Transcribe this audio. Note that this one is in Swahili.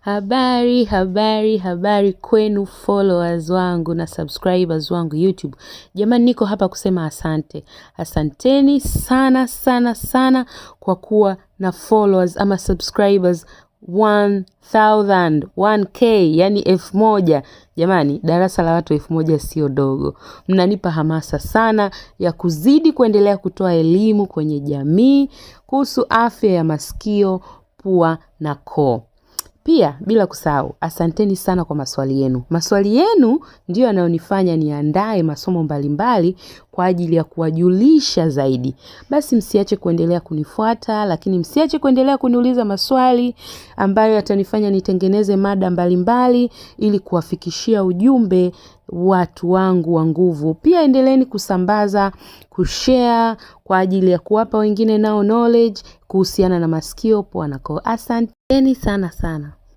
Habari, habari, habari kwenu followers wangu na subscribers wangu YouTube. Jamani, niko hapa kusema asante. Asanteni sana sana sana kwa kuwa na followers ama subscribers 1000, 1k, yani elfu moja. Jamani, darasa la watu elfu moja sio dogo. Mnanipa hamasa sana ya kuzidi kuendelea kutoa elimu kwenye jamii kuhusu afya ya masikio, pua na koo. Pia bila kusahau, asanteni sana kwa maswali yenu. Maswali yenu ndiyo yanayonifanya niandae masomo mbalimbali kwa ajili ya kuwajulisha zaidi. Basi msiache kuendelea kunifuata, lakini msiache kuendelea kuniuliza maswali ambayo yatanifanya nitengeneze mada mbalimbali ili kuwafikishia ujumbe watu wangu wa nguvu. Pia endeleeni kusambaza, kushare kwa ajili ya kuwapa wengine nao knowledge kuhusiana na masikio, pua Asanteni sana sana.